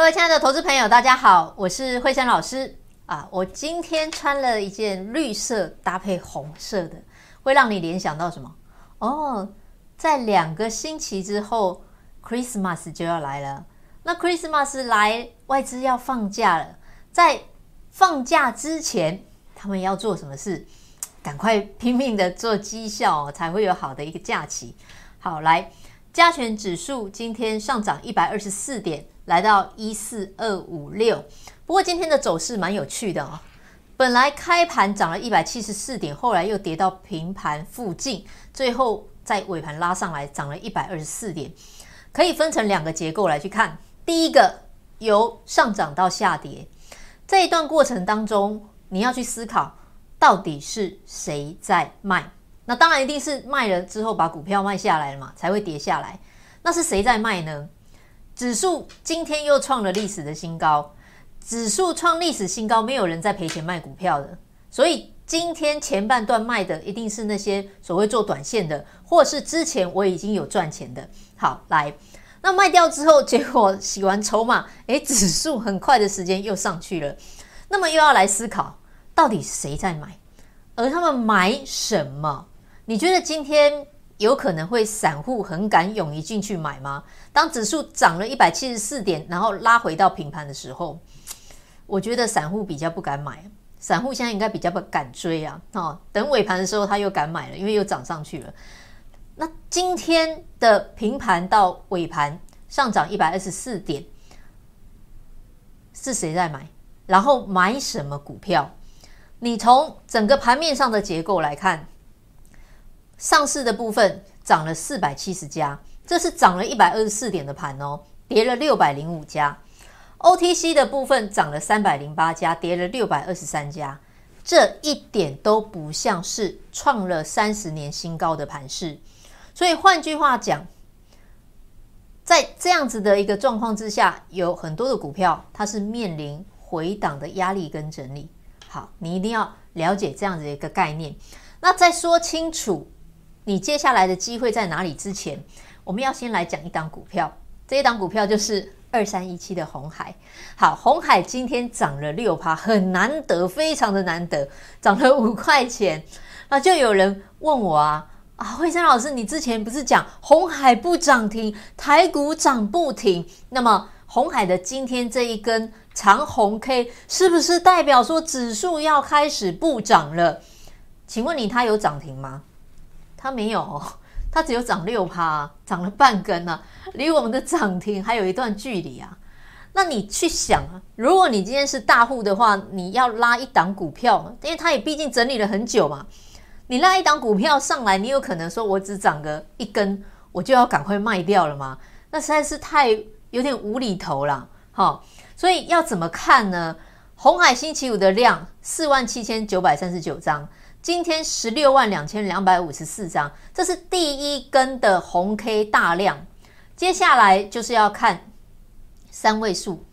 各位親愛的投資朋友，大家好，我是惠珊老師啊。我今天穿了一件綠色搭配紅色的，會讓你聯想到什麼？哦，在兩個星期之後，Christmas 就要來了。那 Christmas 來，外資要放假了。在放假之前，他們要做什麼事？趕快拼命的做績效哦，才會有好的一個假期。好，來，加權指數今天上漲一百二十四點。來到一四二五六，不過今天的走勢蠻有趣的哦。本來開盤漲了一百七十四點，後來又跌到平盤附近，最後在尾盤拉上來，漲了一百二十四點。可以分成兩個結構來去看。第一個，由上漲到下跌，這一段過程當中，你要去思考到底是誰在賣。那當然一定是賣了之後把股票賣下來了嘛，才會跌下來。那是誰在賣呢？指數今天又創了歷史的新高，指數創歷史新高，沒有人在賠錢賣股票的，所以今天前半段賣的一定是那些所謂做短線的，或是之前我已經有賺錢的。好，來，那賣掉之後，結果洗完籌碼，誒，指數很快的時間又上去了，那麼又要來思考到底誰在買，而他們買什麼？你覺得今天？有可能會散戶很敢勇於進去買嗎？當指數漲了一百七十四點，然後拉回到平盤的時候，我覺得散戶比較不敢買。散戶現在應該比較不敢追啊！哦，等尾盤的時候他又敢買了，因為又漲上去了。那今天的平盤到尾盤上漲一百二十四點，是誰在買？然後買什麼股票？你從整個盤面上的結構來看。上市的部分漲了四百七十家，這是漲了一百二十四點的盤哦，跌了六百零五家。OTC 的部分漲了三百零八家，跌了六百二十三家，這一點都不像是創了三十年新高的盤勢。所以換句話講，在這樣子的一個狀況之下，有很多的股票它是面臨回檔的壓力跟整理。好，你一定要了解這樣子一個概念。那再說清楚。你接下來的機會在哪裡？之前我們要先來講一檔股票，這一檔股票就是二三一七的鴻海。好，鴻海今天漲了六趴，很難得，非常的難得，漲了五塊錢。那就有人問我啊，啊，惠珊老師，你之前不是講鴻海不漲停，台股漲不停？那麼鴻海的今天這一根長紅 K，是不是代表說指數要開始不漲了？請問你，它有漲停嗎？它沒有，哦，它只有漲六趴，啊，漲了半根呢，啊，離我們的漲停還有一段距離啊。那你去想啊，如果你今天是大戶的話，你要拉一檔股票，因為它也畢竟整理了很久嘛，你拉一檔股票上來，你有可能說我只漲個一根，我就要趕快賣掉了嗎？那實在是太有點無厘頭了，好，哦，所以要怎麼看呢？鴻海星期五的量四萬七千九百三十九張。今天十六萬兩千兩百五十四張，這是第一根的紅 K 大量。接下來就是要看三位數。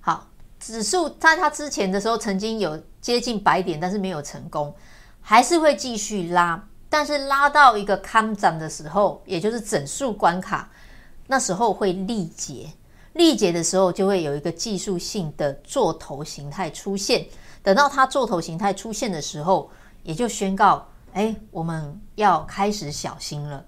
好，指數在它之前的時候曾經有接近百點，但是沒有成功，還是會繼續拉。但是拉到一個看漲的時候，也就是整數關卡，那時候會力竭。力竭的時候就會有一個技術性的做頭形態出現。等到它做頭形態出現的時候。也就宣告，哎、欸，我們要開始小心了，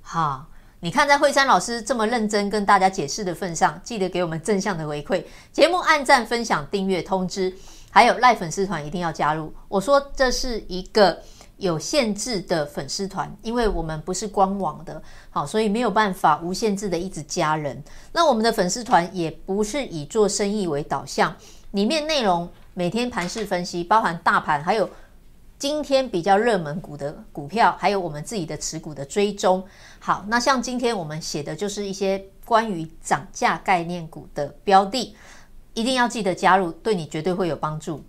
哈！你看，在惠珊老師這麼認真跟大家解釋的份上，記得給我們正向的回饋，節目按讚、分享、訂閱、通知，還有賴粉絲團一定要加入。我說這是一個有限制的粉絲團，因為我們不是官網的，好，所以沒有辦法無限制的一直加人。那我們的粉絲團也不是以做生意為導向，裡面內容每天盤勢分析，包含大盤還有。今天比較熱門股的股票，還有我們自己的持股的追蹤。好，那像今天我們寫的就是一些關於漲價概念股的標的，一定要記得加入，對你絕對會有幫助。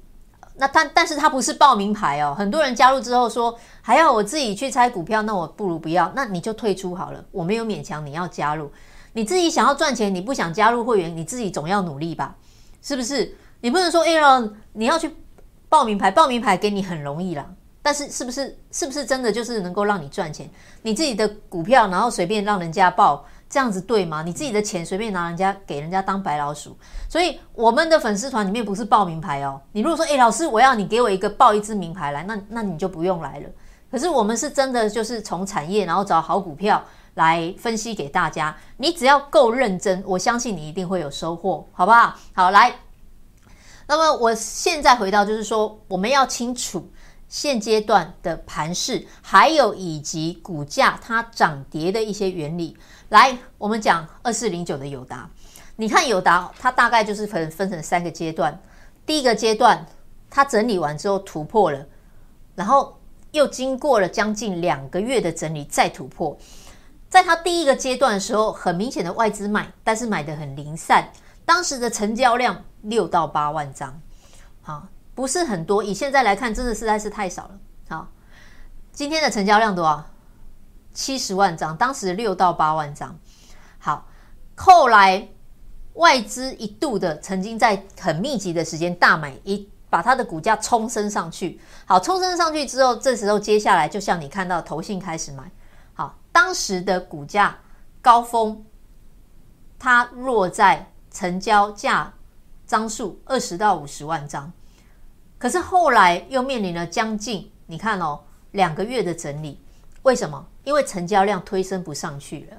那但但是它不是報名牌哦，很多人加入之後說還要我自己去猜股票，那我不如不要，那你就退出好了。我沒有勉強你要加入，你自己想要賺錢，你不想加入會員，你自己總要努力吧，是不是？你不能說哎呀、欸、你要去。報名牌，報名牌給你很容易啦，但是是不是是不是真的就是能夠讓你賺錢？你自己的股票，然後隨便讓人家報，這樣子對嗎？你自己的錢隨便拿人家給人家當白老鼠。所以我們的粉絲團裡面不是報名牌哦。你如果說，誒，老師，我要你給我一個報一支名牌來，那那你就不用來了。可是我們是真的就是從產業然後找好股票來分析給大家，你只要夠認真，我相信你一定會有收穫，好不好？好，來。那麼我現在回到，就是說，我們要清楚現階段的盤勢，還有以及股價它漲跌的一些原理。來，我們講二四零九的友達。你看友達，它大概就是分分成三個階段。第一個階段，它整理完之後突破了，然後又經過了將近兩個月的整理再突破。在它第一個階段的時候，很明顯的外資買，但是買的很零散。當時的成交量六到八萬張，好，不是很多。以現在來看，真的實在是太少了。好，今天的成交量多少啊？七十萬張。當時六到八萬張，好。後來外資一度的曾經在很密集的時間大買一，把它的股價衝升上去。好，衝升上去之後，這時候接下來就像你看到，投信開始買。好，當時的股價高峰，它落在。成交價張數二十到五十萬張，可是後來又面臨了將近，你看哦，兩個月的整理，為什麼？因為成交量推升不上去了。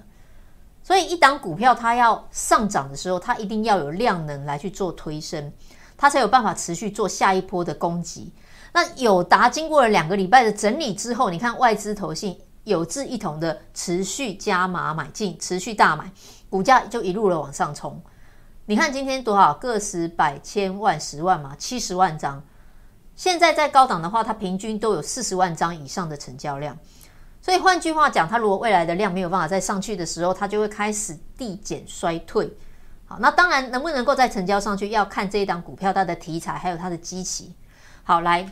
所以一檔股票它要上漲的時候，它一定要有量能來去做推升，它才有辦法持續做下一波的攻擊。那友達經過了兩個禮拜的整理之後，你看外資投信有志一同的持續加碼買進，持續大買，股價就一路的往上衝。你看今天多少個十百千萬十萬嘛，七十萬張。現在在高檔的話，它平均都有四十萬張以上的成交量。所以換句話講，它如果未來的量沒有辦法再上去的時候，它就會開始遞減衰退。好，那當然能不能夠再成交上去，要看這一檔股票它的題材還有它的契機。好，來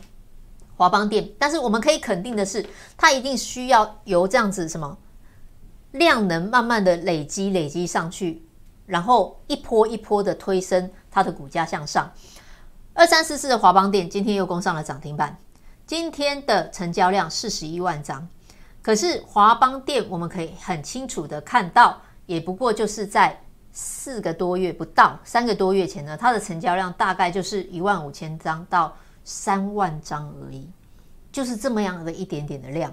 華邦電，但是我們可以肯定的是，它一定需要由這樣子什麼量能慢慢的累積累積上去。然後一波一波的推升它的股價向上，二三四四的華邦電今天又攻上了漲停板。今天的成交量四十一萬張，可是華邦電我們可以很清楚的看到，也不過就是在四個多月不到三個多月前呢，它的成交量大概就是一萬五千張到三萬張而已，就是這麼樣的一點點的量。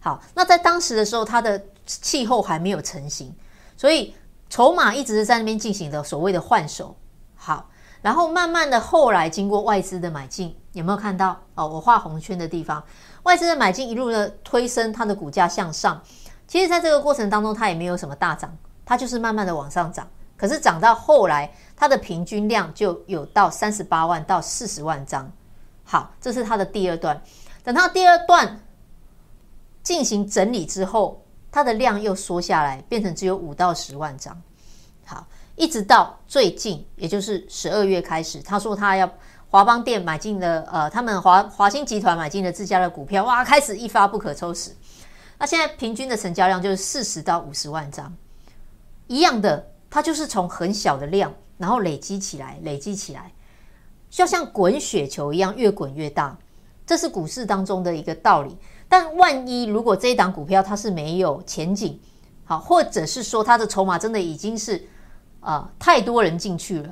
好，那在當時的時候，它的氣候還沒有成型，所以。籌碼一直是在那邊進行的所謂的換手，好，然後慢慢的後來經過外資的買進，有沒有看到？哦，我畫紅圈的地方，外資的買進一路的推升它的股價向上。其實，在這個過程當中，它也沒有什麼大漲，它就是慢慢的往上漲。可是漲到後來，它的平均量就有到三十八萬到四十萬張。好，這是它的第二段。等它第二段進行整理之後。它的量又縮下來，變成只有五到十萬張。好，一直到最近，也就是十二月開始，他說他要華邦電買進了，呃，他們華華新集團買進了自家的股票，哇，開始一發不可收拾。那現在平均的成交量就是四十到五十萬張，一樣的，它就是從很小的量，然後累積起來，累積起來，就像滾雪球一樣，越滾越大。這是股市當中的一個道理，但萬一如果這一檔股票它是沒有前景，好，或者是說它的籌碼真的已經是啊、呃、太多人進去了，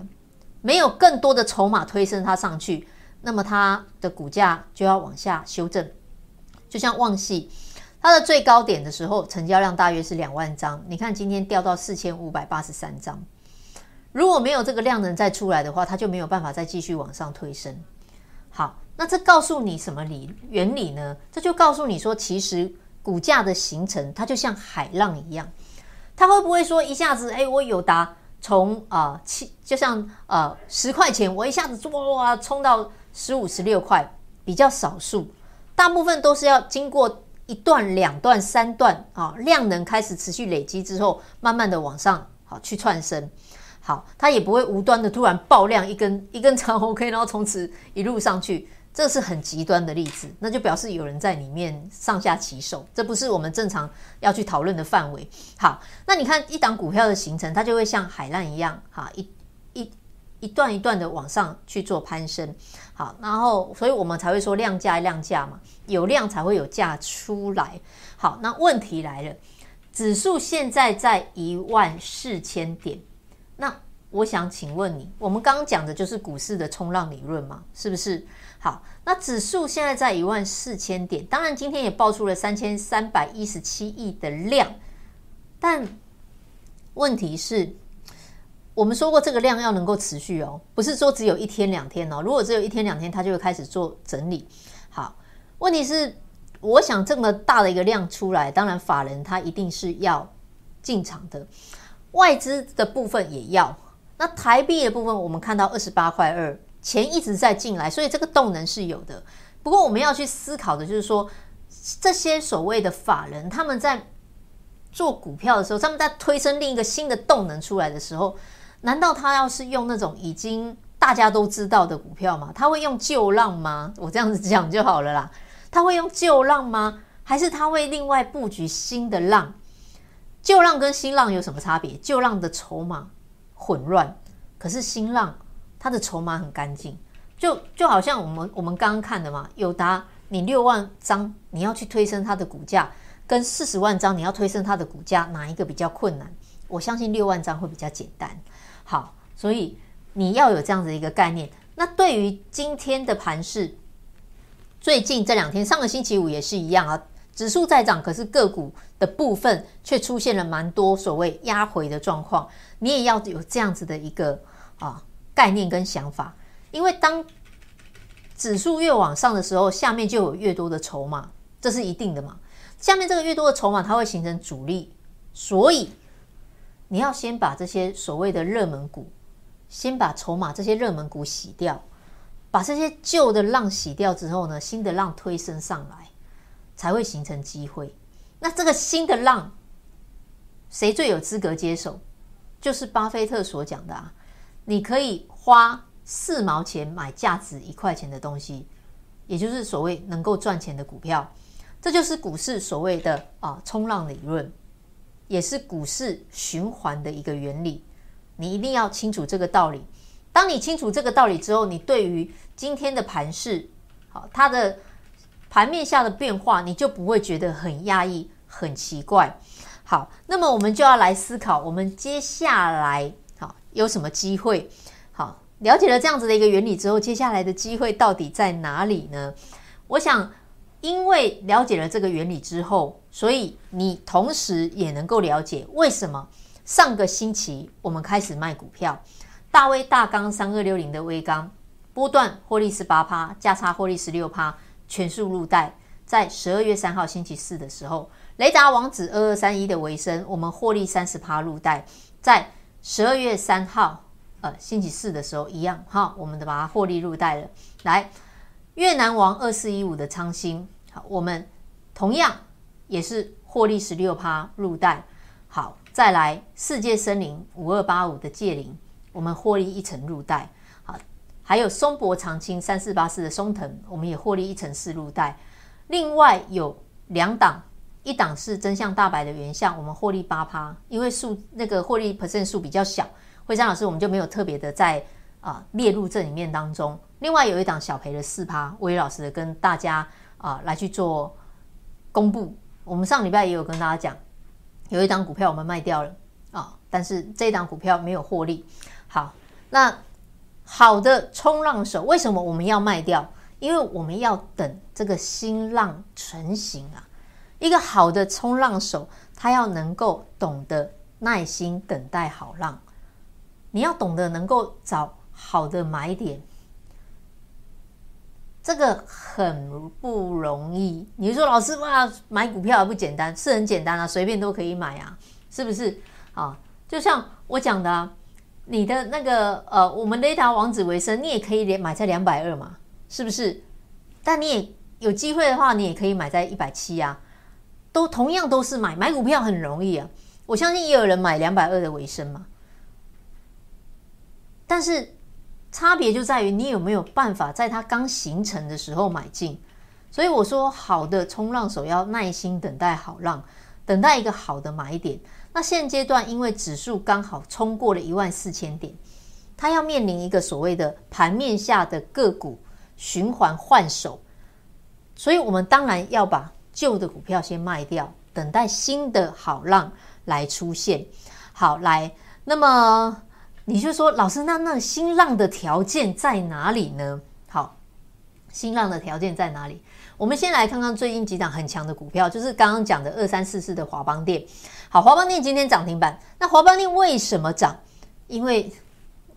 沒有更多的籌碼推升它上去，那麼它的股價就要往下修正。就像旺矽，它的最高點的時候，成交量大約是兩萬張，你看今天掉到四千五百八十三張，如果沒有這個量能再出來的話，它就沒有辦法再繼續往上推升。好，那這告訴你什麼理原理呢？這就告訴你說，其實股價的形成，它就像海浪一樣，它會不會說一下子，哎、欸，我有達從啊七，呃、7，就像呃十塊錢，我一下子哇哇哇衝到十五、十六塊，比較少數，大部分都是要經過一段、兩段、三段啊量能開始持續累積之後，慢慢的往上好、啊、去竄升。好，它也不會無端的突然爆量一根一根長紅 K，然後從此一路上去，這是很極端的例子。那就表示有人在裡面上下其手，這不是我們正常要去討論的範圍。好，那你看一檔股票的形成，它就會像海浪一樣，哈，一一一段一段的往上去做攀升。好，然後所以我們才會說量價量價嘛，有量才會有價出來。好，那問題來了，指數現在在一萬四千點。那我想請問你，我們剛剛講的就是股市的衝浪理論嘛，是不是？好，那指數現在在一萬四千點，當然今天也爆出了三千三百一十七億的量，但問題是，我們說過這個量要能夠持續哦，不是說只有一天兩天哦。如果只有一天兩天，它就會開始做整理。好，問題是，我想這麼大的一個量出來，當然法人他一定是要進場的。外資的部分也要，那台幣的部分，我們看到二十八塊二，錢一直在進來，所以這個動能是有的。不過我們要去思考的就是說，這些所謂的法人他們在做股票的時候，他們在推升另一個新的動能出來的時候，難道他要是用那種已經大家都知道的股票嗎？他會用舊浪嗎？我這樣子講就好了啦。他會用舊浪嗎？還是他會另外布局新的浪？舊浪跟新浪有什麼差別？舊浪的籌碼混亂，可是新浪它的籌碼很乾淨。就就好像我們我們剛剛看的嘛，友達，你六萬張你要去推升它的股價，跟四十萬張你要推升它的股價，哪一個比較困難？我相信六萬張會比較簡單。好，所以你要有這樣子一個概念。那對於今天的盤勢，最近這兩天，上個星期五也是一樣啊。指數在漲，可是個股的部分卻出現了蠻多所謂壓回的狀況。你也要有這樣子的一個啊概念跟想法，因為當指數越往上的時候，下面就有越多的籌碼，這是一定的嘛。下面這個越多的籌碼，它會形成阻力，所以你要先把這些所謂的熱門股，先把籌碼這些熱門股洗掉，把這些舊的浪洗掉之後呢，新的浪推升上來。才會形成機會。那這個新的浪，誰最有資格接手？就是巴菲特所講的啊，你可以花四毛錢買價值一塊錢的東西，也就是所謂能夠賺錢的股票。這就是股市所謂的啊衝浪理論，也是股市循環的一個原理。你一定要清楚這個道理。當你清楚這個道理之後，你對於今天的盤勢好、啊、它的。盤面下的變化，你就不會覺得很壓抑、很奇怪。好，那麼我們就要來思考，我們接下來好有什麼機會？好，了解了這樣子的一個原理之後，接下來的機會到底在哪裡呢？我想，因為了解了這個原理之後，所以你同時也能夠了解為什麼上個星期我們開始賣股票，大威大剛三二六零的威剛波段獲利十八趴，價差獲利十六趴。全數入袋，在十二月三號星期四的時候，雷達王子二二三一的為升，我們獲利三十趴入袋，在十二月三號呃星期四的時候一樣哈，我們的把它獲利入袋了。來，越南王二四一五的錩新，好，我們同樣也是獲利十六趴入袋。好，再來世界森林五二八五的界霖，我們獲利一成入袋。還有松柏長青三四八四的崧騰，我們也獲利一成四入袋。另外有兩檔，一檔是真相大白的原相，我們獲利八趴，因為數那個獲利 percent 數比較小。惠珊老師，我們就沒有特別的在啊列入這裡面當中。另外有一檔小賠的四趴，威老師跟大家啊來去做公布。我們上禮拜也有跟大家講，有一檔股票我們賣掉了啊，但是這檔股票沒有獲利。好，那。好的衝浪手，為什麼我們要賣掉？因為我們要等這個新浪成型啊。一個好的衝浪手，他要能夠懂得耐心等待好浪。你要懂得能夠找好的買點，這個很不容易。你說老師哇、啊，買股票也不簡單，是很簡單啊，隨便都可以買啊，是不是？啊，就像我講的、啊。你的那個呃，我們雷達王子維生，你也可以連買在兩百二嘛，是不是？但你也有機會的話，你也可以買在一百七啊，都同樣都是買買股票很容易啊。我相信也有人買兩百二的維生嘛，但是差別就在於你有沒有辦法在它剛形成的時候買進。所以我說，好的衝浪手要耐心等待好浪，等待一個好的買點。那現階段，因為指數剛好衝過了一萬四千點，它要面臨一個所謂的盤面下的個股循環換手，所以我們當然要把舊的股票先賣掉，等待新的好浪來出現。好，來，那麼你就說，老師，那那新浪的條件在哪裡呢？好，新浪的條件在哪裡？我們先來看看最近幾檔很強的股票，就是剛剛講的二三四四的華邦電。好，華邦電今天漲停板。那華邦電為什麼漲？因為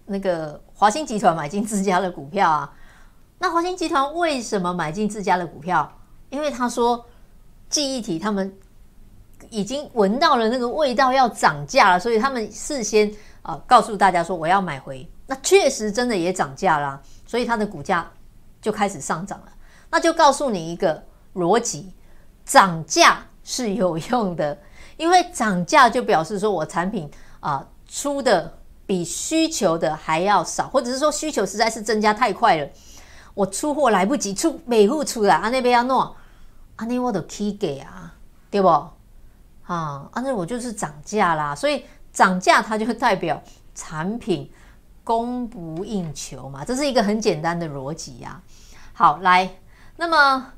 那個華新集團買進自家的股票啊。那華新集團為什麼買進自家的股票？因為他說，記憶體他們已經聞到了那個味道要漲價了，所以他們事先啊、呃、告訴大家說我要買回。那確實真的也漲價了、啊，所以它的股價就開始上漲了。那就告訴你一個邏輯，漲價是有用的。因為漲價就表示說我產品啊、呃、出的比需求的還要少，或者是說需求實在是增加太快了，我出貨來不及，出每戶出來、啊嗯，啊，那邊要弄，啊，那我都起價啊，對不？啊，阿那我就是漲價啦，所以漲價它就代表產品供不應求嘛，這是一個很簡單的邏輯呀、啊。好，來，那麼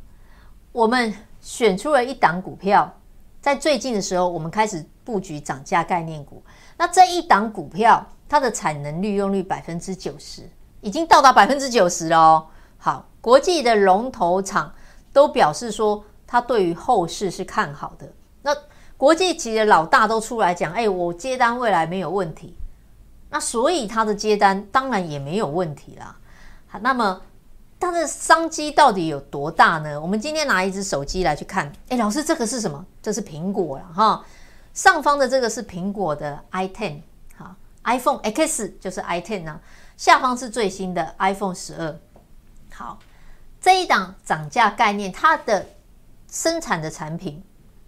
我們選出了一檔股票。在最近的時候，我們開始佈局漲價概念股。那這一檔股票，它的產能利用率百分之九十，已經到達百分之九十了哦。好，國際的龍頭廠都表示說，它對於後市是看好的。那國際企業老大都出來講，哎，我接單未來沒有問題。那所以它的接單當然也沒有問題啦。好，那麼。它的商機到底有多大呢？我們今天拿一支手機來去看。誒，老師，這個是什麼？這是蘋果啦哈。上方的這個是蘋果的 i10 哈 iPhone X 就是 i10 啊。下方是最新的 iPhone 12。好，這一檔漲價概念，它的生產的產品，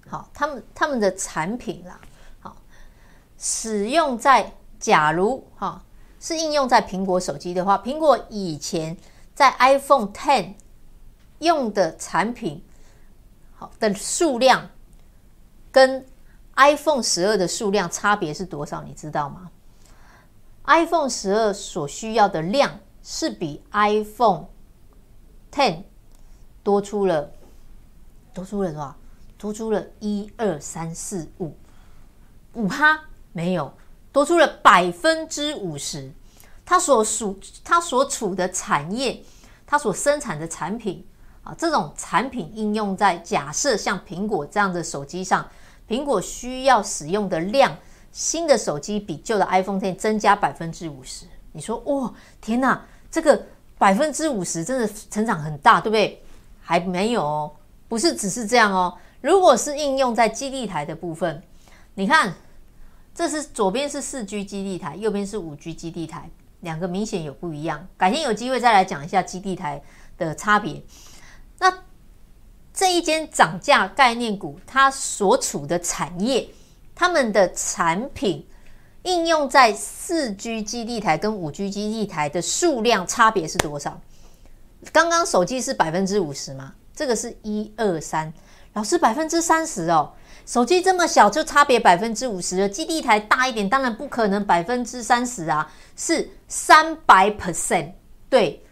好，他們他們的產品啦，好，使用在假如哈是應用在蘋果手機的話，蘋果以前。在 iPhone Ten 用的產品，好，的數量跟 iPhone 十二的數量差別是多少？你知道嗎？iPhone 十二所需要的量是比 iPhone Ten 多出了多出了多少？多出了一二三四五五哈？沒有，多出了百分之五十。它所屬、它所處的產業，它所生產的產品啊，這種產品應用在假設像蘋果這樣的手機上，蘋果需要使用的量，新的手機比舊的 iPhone X 增加百分之五十。你說哇、哦，天哪，這個百分之五十真的成長很大，對不對？還沒有、哦，不是只是這樣哦。如果是應用在基地台的部分，你看，這是左邊是四 G 基地台，右邊是五 G 基地台。兩個明顯有不一樣，改天有機會再來講一下基地台的差別。那這一間漲價概念股，它所處的產業，他們的產品應用在四 G 基地台跟五 G 基地台的數量差別是多少？剛剛手機是百分之五十嗎？這個是一二三，老師百分之三十哦。手機這麼小就差別，百分之五十了，基地台大一點當然不可能百分之三十啊，是三百 percent。對，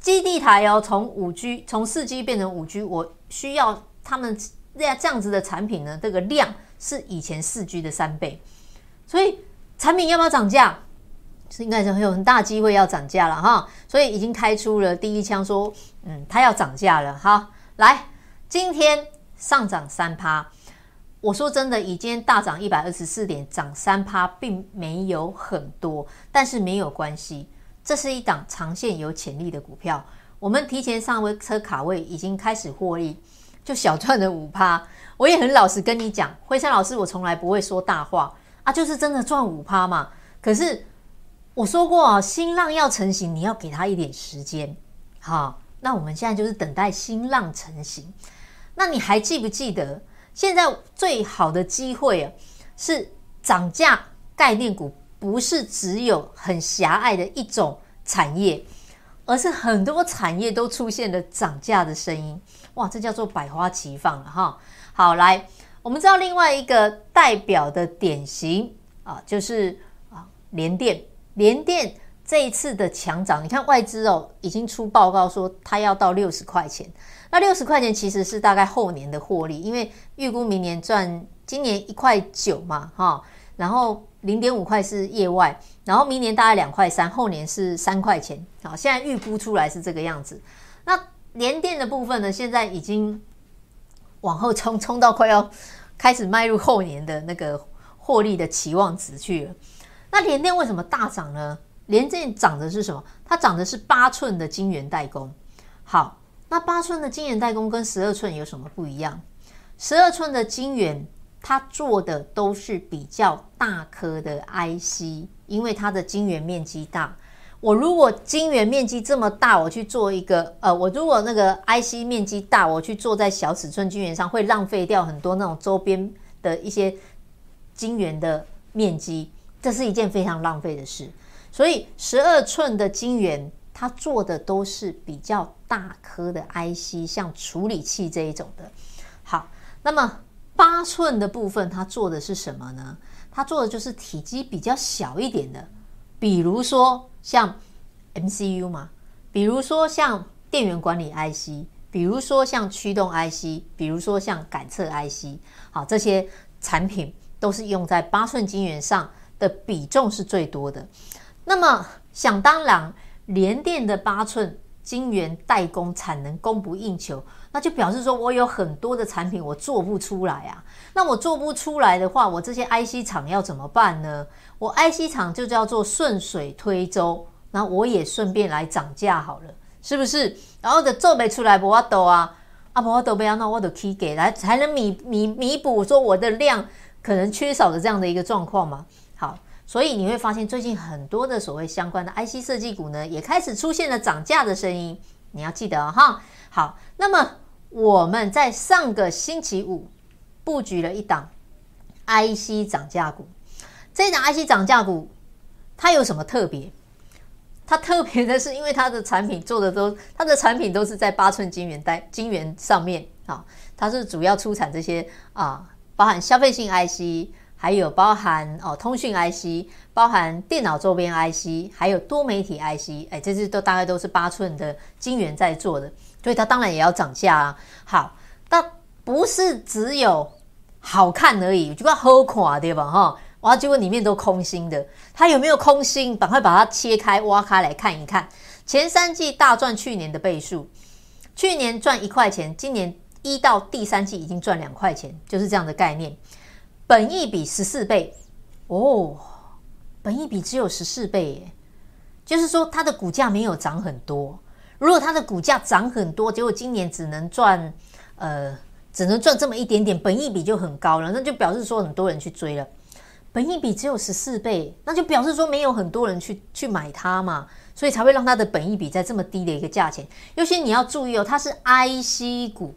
基地台哦，從五 G 從四 G 變成五 G，我需要他們那這樣子的產品呢，這個量是以前四 G 的三倍，所以產品要不要漲價？是應該是有很大機會要漲價了哈，所以已經開出了第一槍說，說嗯，它要漲價了哈。來，今天上漲三趴。我說真的，以今天大漲一百二十四點，漲三趴，並沒有很多，但是沒有關係，這是一檔長線有潛力的股票。我們提前上車卡位，已經開始獲利，就小賺了五趴。我也很老實跟你講，惠珊老師，我從來不會說大話啊，就是真的賺五趴嘛。可是我說過啊，新浪要成型，你要給他一點時間。好，那我們現在就是等待新浪成型。那你還記不記得？現在最好的機會啊，是漲價概念股，不是只有很狹隘的一種產業，而是很多產業都出現了漲價的聲音。哇，這叫做百花齊放了，啊哈。好，來，我們知道另外一個代表的典型啊，就是啊，聯電，聯電。這一次的強漲，你看外資哦，已經出報告說它要到六十塊錢。那六十塊錢其實是大概後年的獲利，因為預估明年賺今年一塊九嘛，哈，然後零點五塊是業外，然後明年大概兩塊三，後年是三塊錢。好，現在預估出來是這個樣子。那聯電的部分呢，現在已經往後衝，衝到快要開始邁入後年的那個獲利的期望值去了。那聯電為什麼大漲呢？連這長的是什麼？它長的是八寸的晶圓代工。好，那八寸的晶圓代工跟十二寸有什麼不一樣？十二寸的晶圓，它做的都是比較大顆的 IC，因為它的晶圓面積大。我如果晶圓面積這麼大，我去做一個，呃，我如果那個 IC 面積大，我去做在小尺寸晶圓上，會浪費掉很多那種周邊的一些晶圓的面積。這是一件非常浪費的事。所以十二寸的晶圓，它做的都是比較大顆的 IC，像處理器這一種的。好，那麼八寸的部分，它做的是什麼呢？它做的就是體積比較小一點的，比如說像 MCU 嘛，比如說像電源管理 IC，比如說像驅動 IC，比如說像感測 IC。好，這些產品都是用在八寸晶圓上的比重是最多的。那麼想當然，聯電的八寸晶圓代工產能供不應求，那就表示說我有很多的產品我做不出來啊。那我做不出來的話，我這些 IC 廠要怎麼辦呢？我 IC 廠就叫做順水推舟，那我也順便來漲價好了，是不是？然後的做沒出來，不，我抖啊，啊要我抖不要，那我可以給來才能彌彌彌補說我的量可能缺少的這樣的一個狀況嘛。好。所以你會發現，最近很多的所謂相關的 IC 設計股呢，也開始出現了漲價的聲音。你要記得哈、哦。好，那麼我們在上個星期五布局了一檔 IC 漲價股。這一檔 IC 漲價股它有什麼特別？它特別的是，因為它的產品做的都，它的產品都是在八寸晶圓帶晶圓上面啊，它是主要出產這些啊，包含消費性 IC。還有包含哦，通訊 IC，包含電腦週邊 IC，還有多媒體 IC，哎，這些都大概都是八寸的晶圓在做的，所以它當然也要漲價啊。好，但不是只有好看而已，就叫好看對吧？哈、哦，挖結果裡面都空心的，它有沒有空心？趕快把它切開挖開來看一看。前三季大賺，去年的倍數，去年賺一塊錢，今年一到第三季已經賺兩塊錢，就是這樣的概念。本益比十四倍哦，本益比只有十四倍耶，就是說它的股價沒有漲很多。如果它的股價漲很多，結果今年只能賺，呃，只能賺這麼一點點，本益比就很高了，那就表示說很多人去追了。本益比只有十四倍，那就表示說沒有很多人去去買它嘛，所以才會讓它的本益比在這麼低的一個價錢。尤其你要注意哦，它是 IC 股。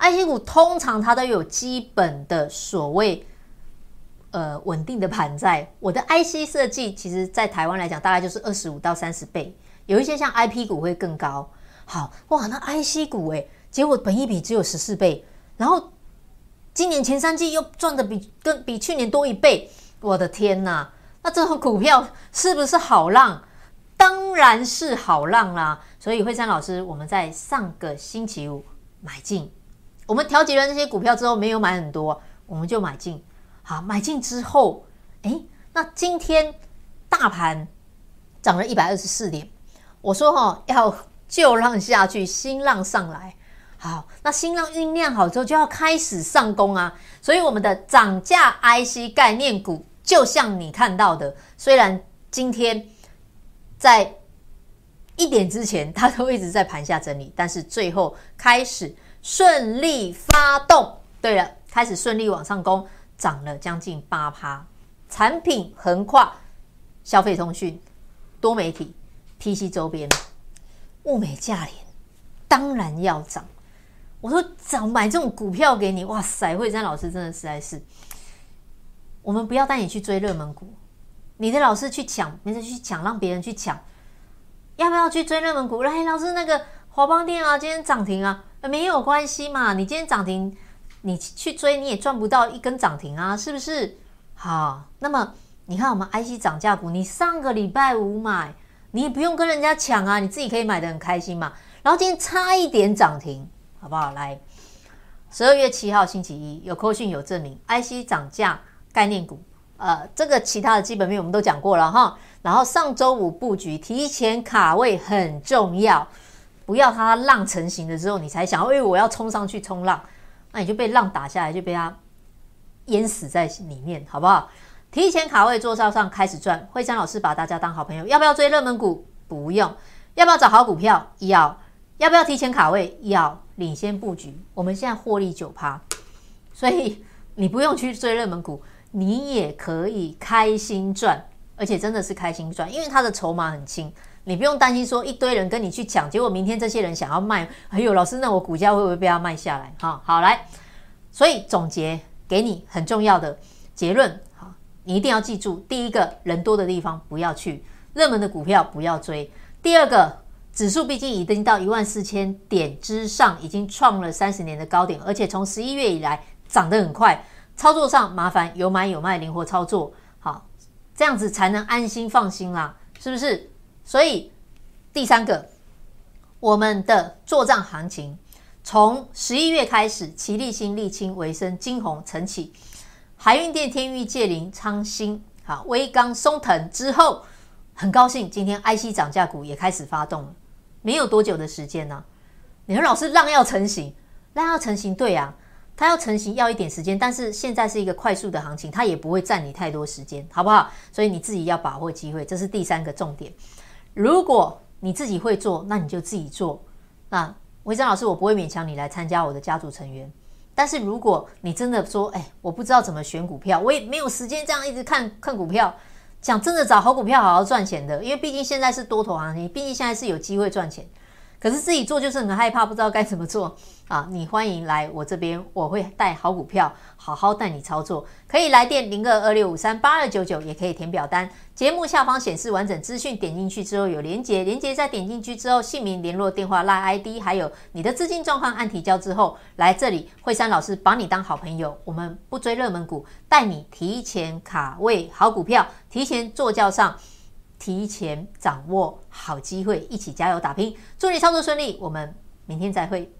IC 股通常它都有基本的所謂呃穩定的盤在。我的 IC 設計，其實在台灣來講，大概就是二十五到三十倍。有一些像 IP 股會更高。好哇，那 IC 股誒、欸，結果本益比只有十四倍，然後今年前三季又賺的比跟比去年多一倍。我的天吶，那這種股票是不是好浪？當然是好浪啦。所以惠珊老師，我們在上個星期五買進。我們調節了這些股票之後，沒有買很多，我們就買進。好，買進之後，哎，那今天大盤漲了一百二十四點，我說哈、哦，要舊浪下去，新浪上來。好，那新浪醞釀好之後，就要開始上攻啊。所以我們的漲價 IC 概念股，就像你看到的，雖然今天在一點之前，它都一直在盤下整理，但是最後開始。順利發動，對了，開始順利往上攻，漲了將近八趴。產品橫跨消費通訊、多媒體、PC 周邊，物美價廉，當然要漲。我說，找買這種股票給你，哇塞！惠珊老師真的實在是，我們不要帶你去追熱門股，你的老師去搶，沒事去搶，讓別人去搶。要不要去追熱門股？來、哎，老師，那個華邦電啊，今天漲停啊。沒有關係嘛，你今天漲停，你去追你也賺不到一根漲停啊，是不是？好，那麼你看我們 IC 漲價股，你上個禮拜五買，你也不用跟人家搶啊，你自己可以買得很開心嘛。然後今天差一點漲停，好不好？來，十二月七號星期一有快訊有證明，IC 漲價概念股，呃，這個其他的基本面我們都講過了哈。然後上周五布局，提前卡位很重要。不要它浪成型的時候，你才想要，因、哎、為我要衝上去衝浪，那你就被浪打下來，就被它淹死在裡面，好不好？提前卡位坐車上開始賺。惠珊老師把大家當好朋友，要不要追熱門股？不用。要不要找好股票？要。要不要提前卡位？要。領先布局，我們現在獲利九趴，所以你不用去追熱門股，你也可以開心賺，而且真的是開心賺，因為它的籌碼很輕。你不用擔心，說一堆人跟你去搶，結果明天這些人想要賣。哎呦，老師，那我股價會不會被他賣下來？哈，好來，所以總結給你很重要的結論，哈，你一定要記住，第一個，人多的地方不要去，熱門的股票不要追。第二個，指數畢竟已經到一萬四千點之上，已經創了三十年的高點，而且從十一月以來漲得很快，操作上麻煩，有買有賣，靈活操作，好，這樣子才能安心放心啦、啊，是不是？所以，第三個，我們的作帳行情從十一月開始，奇力新、瀝青、維生、金紅、晨起、海韻電、天鈺、界臨，昌新好、威剛崧騰之後，很高興，今天 IC 漲價股也開始發動了。沒有多久的時間呢、啊？你說老師浪要成型，浪要成型，對啊，它要成型要一點時間，但是現在是一個快速的行情，它也不會佔你太多時間，好不好？所以你自己要把握機會，這是第三個重點。如果你自己會做，那你就自己做。那維章老師，我不會勉強你來參加我的家族成員。但是如果你真的說，哎，我不知道怎麼選股票，我也沒有時間這樣一直看看股票。想真的，找好股票好好賺錢的，因為畢竟現在是多頭行情啊，畢竟現在是有機會賺錢。可是自己做就是很害怕，不知道該怎麼做啊！你歡迎來我這邊，我會帶好股票，好好帶你操作。可以來電零二二六五三八二九九，也可以填表單。節目下方顯示完整資訊，點進去之後有鏈接，鏈接再點進去之後，姓名、聯絡電話、LINE ID，還有你的資金狀況，按提交之後，來這裡，惠珊老師把你當好朋友。我們不追熱門股，帶你提前卡位好股票，提前坐轎上。提前掌握好機會，一起加油打拼，祝你操作順利，我們明天再會。